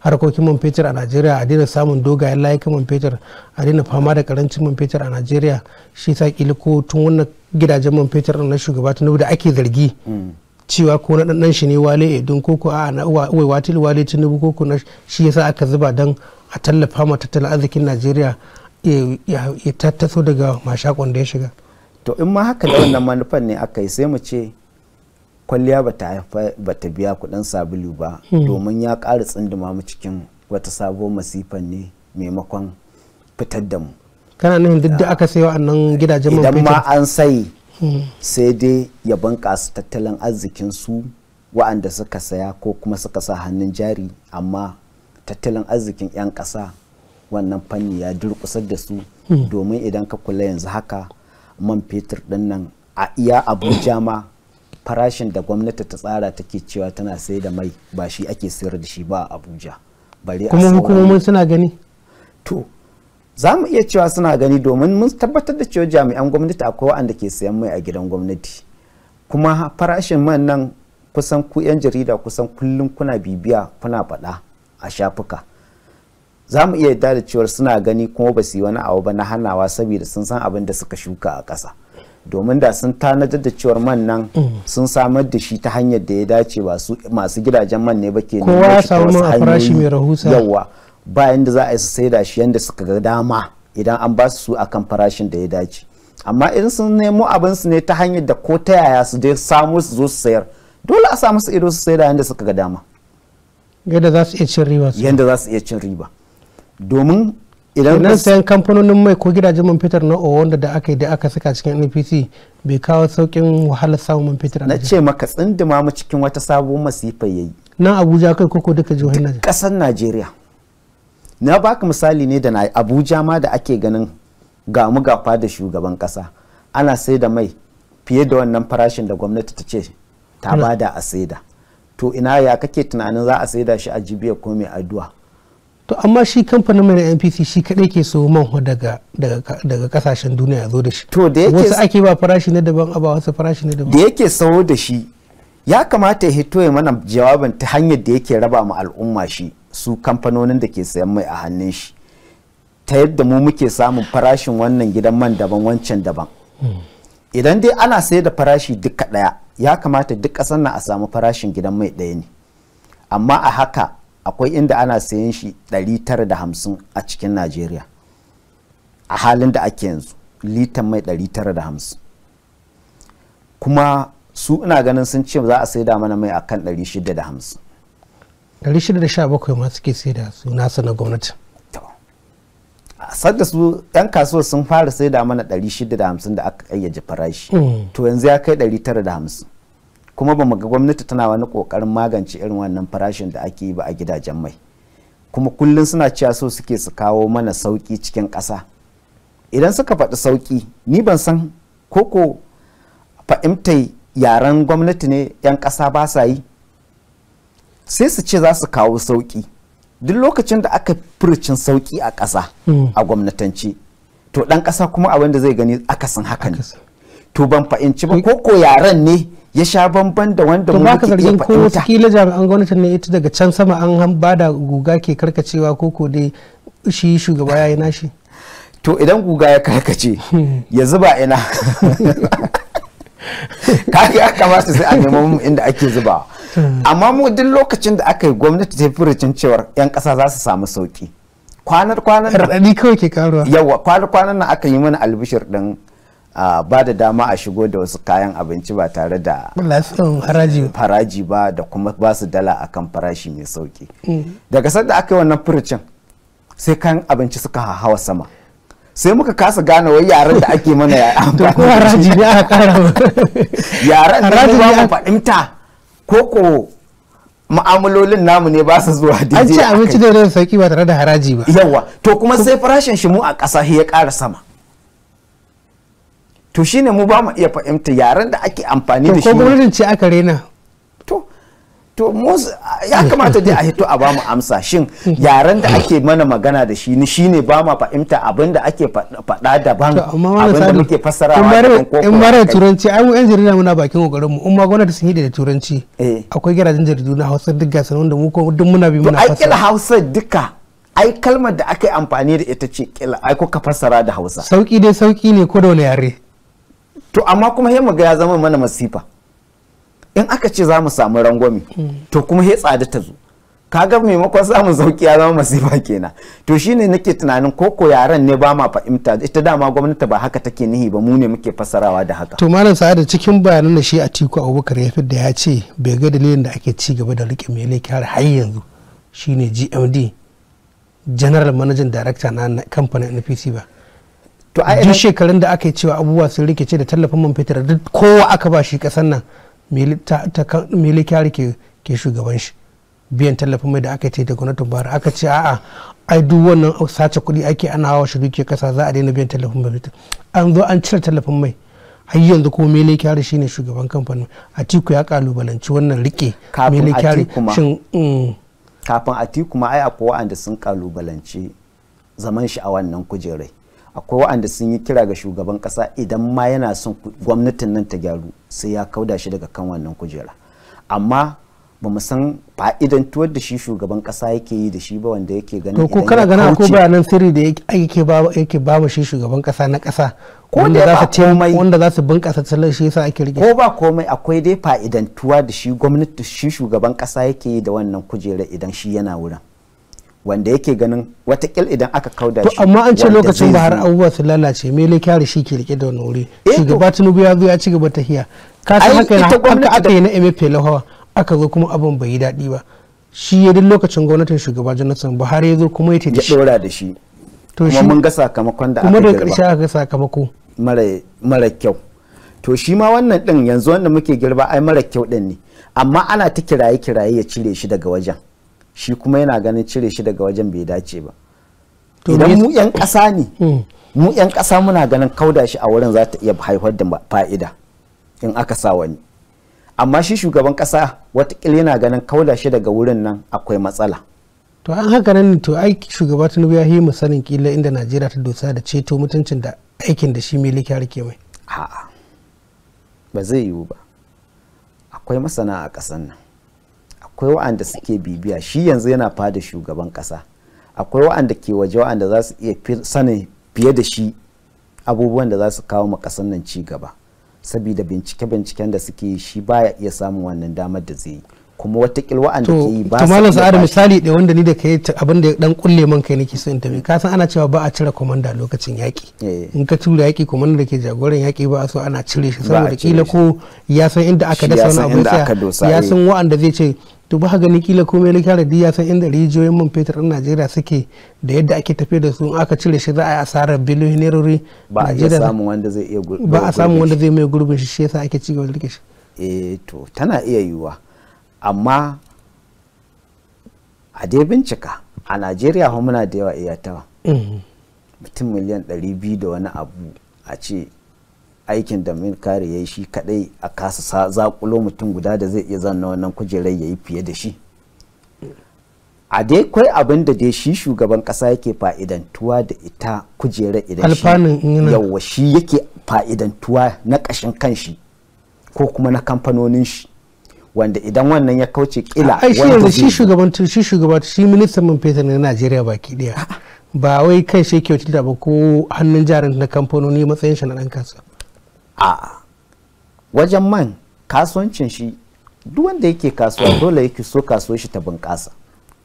harkokin man fetur a najeriya a daina samun dogayen layukan man fetur a daina fama da karancin man fetur a najeriya shi sa kila ko tun wannan gidajen man fetur na shugaba tinubu da ake zargi hmm. cewa ko na ɗanɗan shi ne wale edun ko a na uwa watil wale tinubu koko na shi yasa aka zuba don a tallafa ma tattalin arzikin najeriya ya tattaso daga mashakon da ya shiga to in ma haka da wannan manufan ne aka yi sai mu ce kwalliya ba ta biya kudin sabulu ba hmm. domin ya ƙara tsindima mu cikin wata sabuwar masifan ne maimakon fitar da mu kana nan duk da aka sayo annan gidajen mu idan ma an sai hmm. sai dai ya bunƙasa tattalin arzikin su wa'anda suka saya ko kuma suka sa hannun jari amma tattalin arzikin 'yan ƙasa wannan fanni ya durƙusar da su domin idan ka kula yanzu haka man fetur din nan a iya abuja ma farashin da gwamnati ta tsara take cewa tana sai da mai ba shi ake sayar da shi ba a abuja bare kuma hukumomin suna gani to za mu iya cewa suna gani domin mun tabbatar da cewa jami'an gwamnati akwai wanda ke sayan mai a gidan gwamnati kuma farashin man nan kusan ku 'yan jarida kusan kullum kuna bibiya kuna faɗa a shafuka za mu iya yadda da cewar suna gani kuma ba su yi wani abu ba na hanawa saboda sun san abin da suka shuka a ƙasa domin da sun tanadar da cewar man nan sun samar da shi ta hanyar da ya dace masu gidajen man ne ba ke nuna shi farashi mai rahusa yawa ba da za a yi su saida shi yadda suka ga dama idan an ba su akan farashin da ya dace amma in sun nemo abin su ne ta hanyar da ko ta yaya su dai samu su zo su sayar dole a samu su ido su saida yadda suka ga dama yadda za su iya cin riba domin idan nan sayan kamfanonin mai ko gidajen man fetur na wanda da aka yi da aka saka cikin npc bai kawo saukin wahalar samun man fetur na ce maka tsindima mu cikin wata sabuwar masifa yayi na abuja kai koko duka jihohin najeriya kasar najeriya na baka misali ne da na abuja ma da ake ganin ga mu gafa da shugaban kasa ana sai da mai fiye da wannan farashin da gwamnati ta ce ta bada a saida to ina ya kake tunanin za a saida shi a jibiya ko mai addu'a to amma shi kamfanin mai npc shi kadai ke so manho daga kasashen duniya ya zo da shi wasu ake ba farashi na daban a ba wasu farashi na daban da yake sawo da shi ya kamata ya hito ya mana jawabin ta hanyar da yake raba ma al'umma shi su kamfanonin da ke sayan mai a hannun shi ta yadda mu muke samun farashin wannan gidan man daban wancan daban hmm. idan dai ana sayar da farashi duka daya ya kamata duk ƙasar na a samu farashin gidan mai daya ne amma a haka akwai inda ana sayan shi 950 a cikin najeriya a halin da ake yanzu litan mai 950 kuma su ina ganin sun ce za a sai da mana mai akan 650 617 ma suke sai da su nasa na gwamnati sadda su yan kasuwa sun fara sai da mana 650 da aka ƙayyaje farashi hmm. to yanzu ya kai 950 kuma ba mu ga gwamnati tana wani kokarin magance irin wannan farashin da ake yi ba a gidajen mai kuma kullum suna cewa so suke su kawo mana sauki cikin kasa idan suka faɗi sauki ni ban san koko fahimtai yaren gwamnati ne 'yan kasa ba sa yi sai su ce za su kawo sauki duk lokacin da aka furcin sauki a ƙasa hmm. a gwamnatanci to ɗan ƙasa kuma abin da zai gani akasin haka ne to ban fahimci ba koko yaren ne ya sha bamban da wanda mu ke zargin ko wasu kila jami'an gwamnatin ne ita daga can sama an han bada guga ke karkacewa ko ko dai shi shugaba ya yi nashi to idan guga ya karkace ya zuba ina kaga ya kamata sai an nemo mu inda ake zuba hmm. amma mu duk lokacin da aka yi gwamnati ta furucin cewar yan kasa za su samu sauki kwanar kwanan da kawai ke karuwa yawa kwanar kwanan nan aka yi mana albishir din a ba da dama a shigo da wasu kayan abinci ba tare da faraji ba da kuma ba su dala akan farashi mai sauki mm. daga sanda aka yi wannan furucin sai kayan abinci suka hawa sama sai muka kasa gane wai yaran da ake mana ya amfani da haraji ne aka kara yaran da ba mu fahimta ko ko mu'amalolin namu ne ba su zuwa daidai an ce abinci da sauki ba tare da haraji ba yawa to kuma sai farashin shi mu a ƙasa ya ƙara sama to shine mu ba mu iya fahimta yaren da ake amfani da shi ko gwamnatin ce aka rena to to ya kamata dai a hito a bamu amsa shin yaren da ake mana magana da shi ni shine ba ma fahimta abin da ake faɗa daban abin da muke fassara wa in mara turanci ai yan jarida muna bakin kokarin mu in ma gwamnati sun yi da turanci eh. akwai gidajen jaridu na Hausa duk sanin wanda mu ko duk muna bi muna fassara to ai kila Hausa duka ai kalmar da aka yi amfani da ita ce kila ai kuka fassara da Hausa sauki dai sauki ne ko da wani yare to amma kuma he muga ya zama mana masifa in aka ce za mu samu rangwami to kuma he tsada ta zo kaga maimakon samu sauki ya zama masifa kenan to shine nake tunanin koko yaran ne ba ma fahimta ita dama gwamnati ba haka take nihi ba mu ne muke fasarawa da haka to malam sa'ada cikin bayanan da shi a tiku abubakar ya da ya ce bai ga dalilin da ake ci gaba da rike mai laifi har har yanzu shine gmd general manajan director na kamfanin npc ba to a duk shekarun da aka yi cewa abubuwa sun rikice da tallafin man fetur duk kowa aka ba shi kasan nan milikiyar ke shugaban shi biyan tallafin mai da aka ce da gwamnatin bara aka ce a'a ai duk wannan sace kuɗi ake ana hawa shi duke kasa za a daina biyan tallafin mai an zo an cire tallafin mai har yanzu ko mele kyari shine shugaban kamfanin atiku ya kalubalanci wannan rike mele kyari shin mm. kafin atiku ma ai akwai wa'anda sun kalubalanci zaman shi a wannan kujerai akwai waɗanda sun yi kira ga shugaban ƙasa idan ma yana son gwamnatin nan ta gyaru sai ya kauda shi daga kan wannan kujera amma ba mu san tuwar da shi shugaban ƙasa yake yi da shi ba wanda yake ganin to ko kana ganin akwai bayanan sirri da yake ba yake ba mu shi shugaban ƙasa na ƙasa ko da za su komai wanda za su bunkasa talar shi yasa ake rike ko ba komai akwai dai fa'idantuwa da shi gwamnati shi shugaban ƙasa yake yi da wannan kujera idan shi yana wurin wanda yake ganin watakil idan aka kauda shi amma an ce lokacin ba har abubuwa su lalace me le kyare shi ke rike da wani wuri eh shugaba tinubu ya zo ya ci gaba tahiya ka san haka yana aka yi na mfa lahawa aka zo kuma abin bai yi daɗi ba shi ya duk lokacin gwamnatin shugaba jonathan buhari ya zo kuma ya tafi ya dora da shi to shi mun ga sakamakon da aka kuma da karshe aka ga sakamako mara kyau to shi ma wannan din yanzu wanda muke girba ai mara kyau din ne amma ana ta kiraye kiraye ya cire shi daga wajen shi kuma yana ganin cire shi daga wajen bai dace ba idan mu 'yan kasa ne mm. mu 'yan ƙasa muna ganin kauda shi a wurin za ta iya haifar da fa'ida in aka sa wani amma shi shugaban ƙasa watakila yana ganin kauda shi daga wurin nan akwai matsala to an haka nan to ai shugaba tinubu ya yi mu sanin kila inda najeriya ta dosa da ceto mutuncin da aikin da shi miliki har ke mai a'a ba zai yiwu ba akwai masana a ƙasar nan akwai wa'anda suke bibiya shi yanzu yana fada shugaban kasa akwai wa'anda ke waje wa'anda za su iya sanin fiye da shi abubuwan da za su kawo ma kasan nan ci gaba saboda bincike-binciken da suke shi baya iya samun wannan damar da zai yi kuma watakil wa'anda ke yi ba su malam sa'adu misali da wanda ni da kai abin da dan kulle man kai nake so in tafi ka san ana cewa ba a cire komanda lokacin yaki eh. in ka tura yaki komanda da ke jagoran yaki ba a so ana cire shi saboda kila ko ya san inda aka dasa wani abu ya eh. san wa'anda zai ce to ba gani kila komai likara ya san inda rijiyoyin man fetur na najeriya suke da yadda ake tafiya da su aka cire shi za a yi asarar biliyoyin nerori ba a samu wanda zai iya gurbin ba a samu wanda zai mai gurbin shi shi yasa ake ci gaba da rike shi eh to tana iya yiwuwa amma a dai bincika a najeriya muna da yawa iyatawa mm. mutum miliyan 200 da wani abu a ce aikin da min kare ya yi shi kadai a kasa zakulo mutum guda da zai iya zanna wannan kujerai ya yi fiye da shi a dai kwai abin da dai shi shugaban kasa yake fa'idantuwa da ita kujerai idan shi yawa shi yake fa'idantuwa na kashin kanshi ko kuma na kamfanonin shi wanda idan wannan ya kauce kila wanda shi yanzu shi shugaban shi shugaba shi ministan man fetur na Najeriya baki daya ba wai kai shi yake wata ba ko hannun jarin na kamfanoni matsayin shi na dan kasa a wajen man kasuwancin shi duk wanda yake kasuwa hmm. dole yake so kasuwar shi ta bunƙasa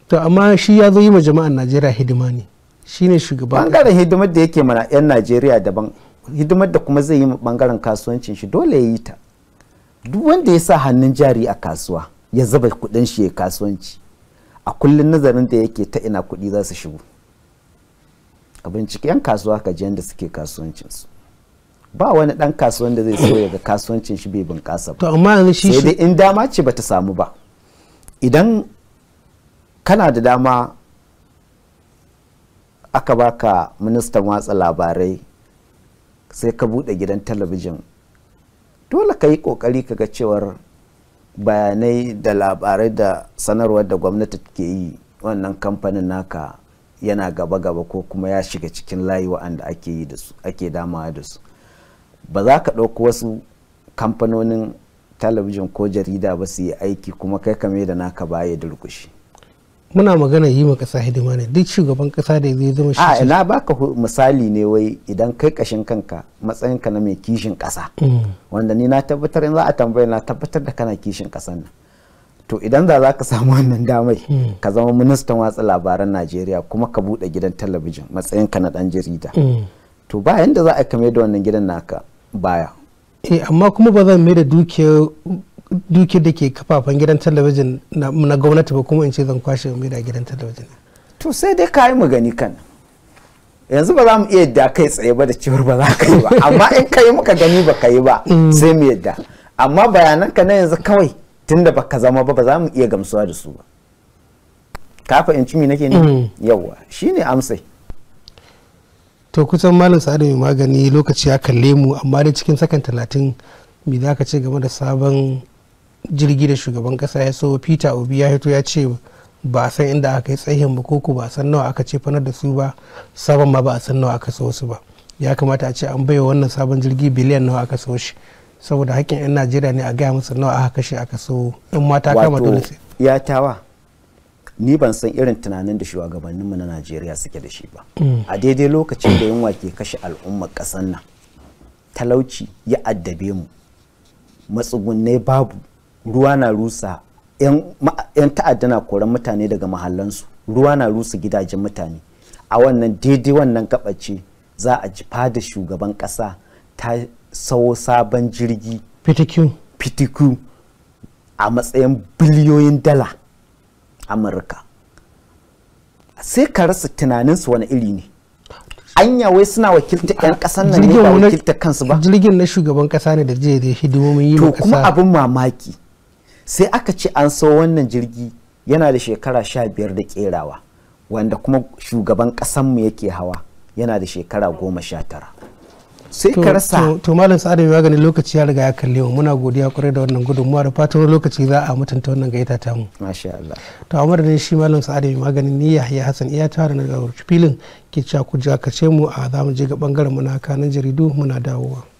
to amma shi ya zo yi ma jama'an najeriya hidima ne shi ne shugaban ɓangaren hidimar da yake mana 'yan najeriya daban hidimar da kuma zai yi ɓangaren kasuwancin shi dole ya yi ta duk wanda ya sa hannun jari a kasuwa ya zuba kudin shi ya kasuwanci a kullum nazarin da yake ta ina kudi za su shigo a bincike 'yan kasuwa ka ji yadda suke kasuwancinsu ba wani dan kasuwan da zai so ya ga kasuwancin shi bai bunƙasa ba to amma yanzu shi sai dai in dama ce bata samu ba idan kana da dama aka baka ministan watsa labarai sai ka bude gidan talabijin dole ka yi kokari ka ga cewar bayanai da labarai da sanarwar da gwamnati ke yi wannan kamfanin naka yana gaba-gaba ko kuma ya shiga cikin layi wa'anda ake yi da su ake damawa da su ba za ka ɗauko wasu kamfanonin talabijin ko jarida ba su yi aiki kuma kai kame da naka baya durkushi muna magana yi ma kasa hidima ne duk shugaban kasa da zai zama shi a ina baka misali ne wai idan kai kashin kanka matsayinka na mai kishin kasa mm. wanda ni na tabbatar in za a tambaya na tabbatar da kana kishin kasan nan to idan za za ka samu wannan damai mm. ka zama ministan watsa labaran najeriya kuma ka buɗe gidan talabijin matsayinka na ɗan jarida mm. to ba yanda za a kame da wannan gidan naka baya eh, amma kuma ba zan mai da dukiyar da ke kafafen gidan talabijin na gwamnati ba kuma in ce zan kwashe mai da gidan talabijin to sai dai ka yi mu gani kan yanzu ba za mu iya yadda kai tsaye ba da cewar ba za ka yi ba amma in ka yi muka gani ba ka yi ba mm. sai mu yadda amma bayanan ka na yanzu kawai tunda baka zama ba ba za mu iya gamsuwa da su ba ka fahimci me nake mm. ne shi shine amsai to kusan malam sa'adu mai magani lokaci ya kalle mu amma dai cikin sakan talatin me za ka ce game da sabon jirgi da shugaban kasa ya so peter obi ya hito ya ce ba a san inda aka yi tsayin ba koko ba a san nawa aka ce fanar da su ba sabon ma ba a san nawa aka so su ba ya kamata a ce an baiwa wannan sabon jirgi biliyan nawa aka so shi saboda hakkin 'yan najeriya ne a gaya musu nawa aka kashe aka so in mata kama dole sai ya tawa ni ban san irin tunanin da shugabanninmu na najeriya suke da shi ba mm. a daidai lokacin da yunwa ke kashe al'ummar ƙasar nan talauci ya addabe mu matsugunai babu ruwa na rusa 'yan ta'adda na koran mutane daga mahallansu ruwa na rusa gidajen mutane a wannan daidai wannan gabace za a ji fada shugaban ƙasa ta sawo sabon jirgi fitiku a matsayin biliyoyin dala amurka sai ka rasa tunaninsu wani iri ne anya wai suna wakilta yan kasan nan ne ba wakilta kansu ba jirgin na shugaban kasa ne da je da hidimomin yi to kuma abin mamaki sai aka ce an so wannan jirgi yana da shekara sha biyar da kerawa wanda kuma shugaban ƙasanmu yake hawa yana da shekara goma sha tara sai ka rasa to malam sa'ad ya gani lokaci ya riga ya kalle mu muna godiya kwarai da wannan gudunmuwa da fatan lokaci za a mutunta wannan gaita ta mu masha Allah to a ne shi malam sa'ad ya magani ni Yahya Hassan iya tare na gawar filin ke cewa ku jakace mu a zamu je ga bangaren mu na kanan jaridu muna dawowa